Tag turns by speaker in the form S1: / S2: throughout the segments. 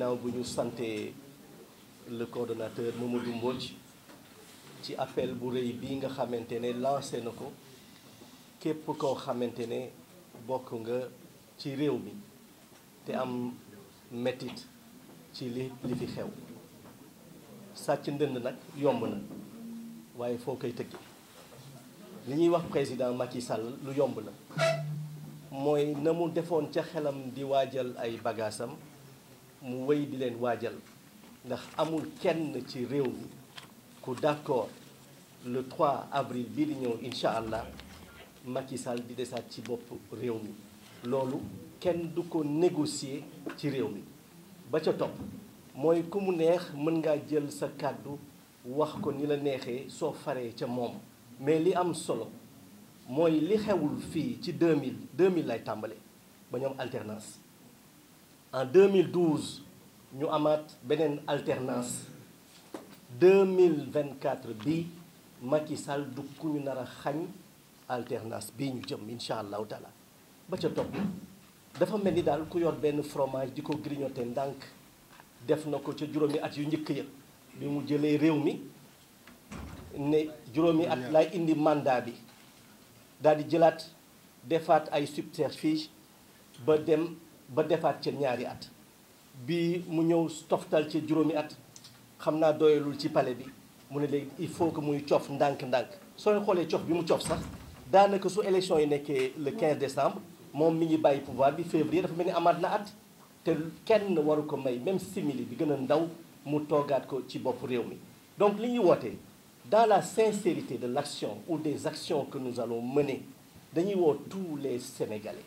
S1: ginnaaw bu ñu sante le coordonnateur Mamadou Mbodj ci appel bu rëy bi nga xamante ne lancé na ko képp koo xamante ne bokk nga ci réew mi te am métit ci li li fi xew sàcc ndënd nag yomb na waaye foo koy tëgge li ñuy wax président Macky Sall lu yomb la mooy na mu defoon ca xelam di waajal ay bagaasam mu wéy di leen waajal ndax amul kenn ci réew mi ku d'accord le 3 avril bii di ñëw incha allah Macky Sall di desaat ci bopp réew mi loolu kenn du ko négocier ci réew mi ba ca topp mooy ku mu neex mën ngaa jël sa kàddu wax ko ni la neexee soo faree ca moom mais li am solo mooy li xewul fii ci 2000 2000 lay tàmbale ba ñoom alternance en 2012 ñu amaat beneen alternance 2024 bi Macky Sall du ku ñu nar a xañ alternance bii ñu jëm incha allahu taala ba ca topp dafa mel ni daal ku yor benn fromage di ko grignoter ndànk def na ko ca juróomi at yu njëkk ya bi mu jëlee réew mi ne juróomi at lay indi mandat bi daal di jëlaat defaat ay subterfuge ba dem. ba defaat ca ñaari at bi mu ñëw toftal ci juróomi at xam naa doyalul ci pale bi mu ne léegi il faut que muy coof ndànk-ndànk soo xoolee coof bi mu coof sax daanaka su élection yi nekkee le 15 décembre moom mi ngi bàyyi pouvoir bi février dafa mel ni amaat na at te kenn waru ko may même simili bi gën a ndaw mu toogaat ko ci bopp réew mi donc li ñuy wootee dans la sincérité de l'action ou des actions que nous allons mener dañuy woo tous les Sénégalais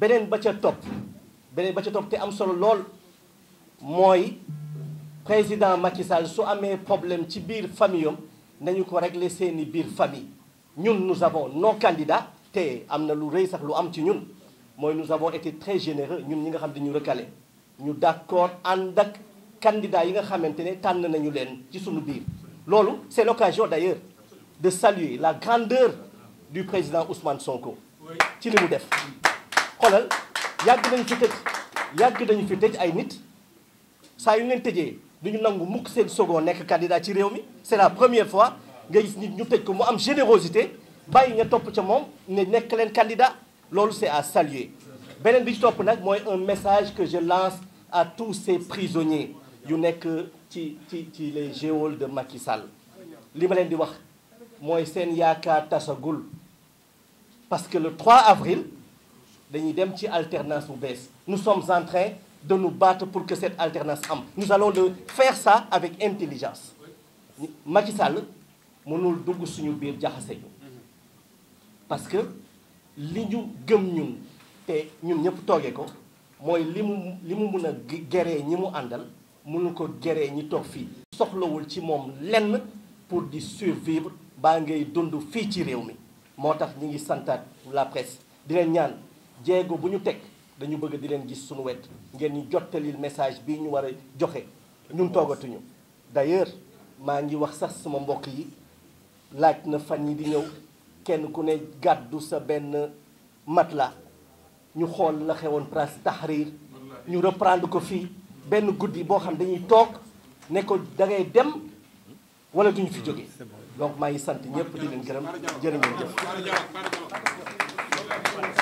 S1: beneen ba ca topp beneen ba ca topp te am solo lool mooy président Macky Sall su amee problème ci biir famille am nañu ko régler seeni biir famille ñun nous avons nos candidats te am na lu rëy sax lu am ci ñun mooy nous avons été très généreux ñun ñi nga xam dañu recalé ñu d'accord ànd ak candidats yi nga xamante ne tànn nañu leen ci sunu biir loolu c'est l'occasion d'ailleurs de saluer la grandeur du président Ousmane Sonko ci li mu def xoolal yàgg nañ fi tëj yàgg nañu fi tëj ay nit saa yu leen tëjee duñu nangu mukk seen Sogo nekk candidat ci réew mi c'est la première fois nga gis nit ñu tëj ko mu am générosité bàyyi nga topp ca moom ne nekk leen candidat loolu c'est à saluer beneen bi ci topp nag mooy un message que je lance à tous ces prisonniers yu nekk ci ci ci les geôles de Macky Sall li ma leen di wax mooy seen yaakaar tasagul parce que le 3 avril dañuy dem ci alternance bu baisse. nous sommes en train de nous battre pour que cette alternance am nous allons le faire ça avec intelligence Macky Sall mënul dugg suñu biir jaxase ñu parce que liñu gëm ñun te ñun ñëpp toogee ko moy li limu mëna mu ñimu andal mënu ko géree ñi tok fi. soxlawul ci mom lenn pour di survivre ba ngay dund fi ci réew mi ñi ngi santaat la presse di leen ñaan jeego bu ñu teg dañu bëgg di leen gis suñu wet ngeen ñi jottalil message bii ñu war a joxe ñun toogatuñu d'ailleurs maa ngi wax sax sama mbokk yi laaj na fan yi di ñëw kenn ku ne gàddu sa benn mat matelas ñu xool la xewoon place Tahrir ñu reprendre ko fii benn guddi boo xam dañuy toog ne ko da dem wala duñu fi jóge donc maa ngi sant ñëpp di leen gërëm a ngeen jëf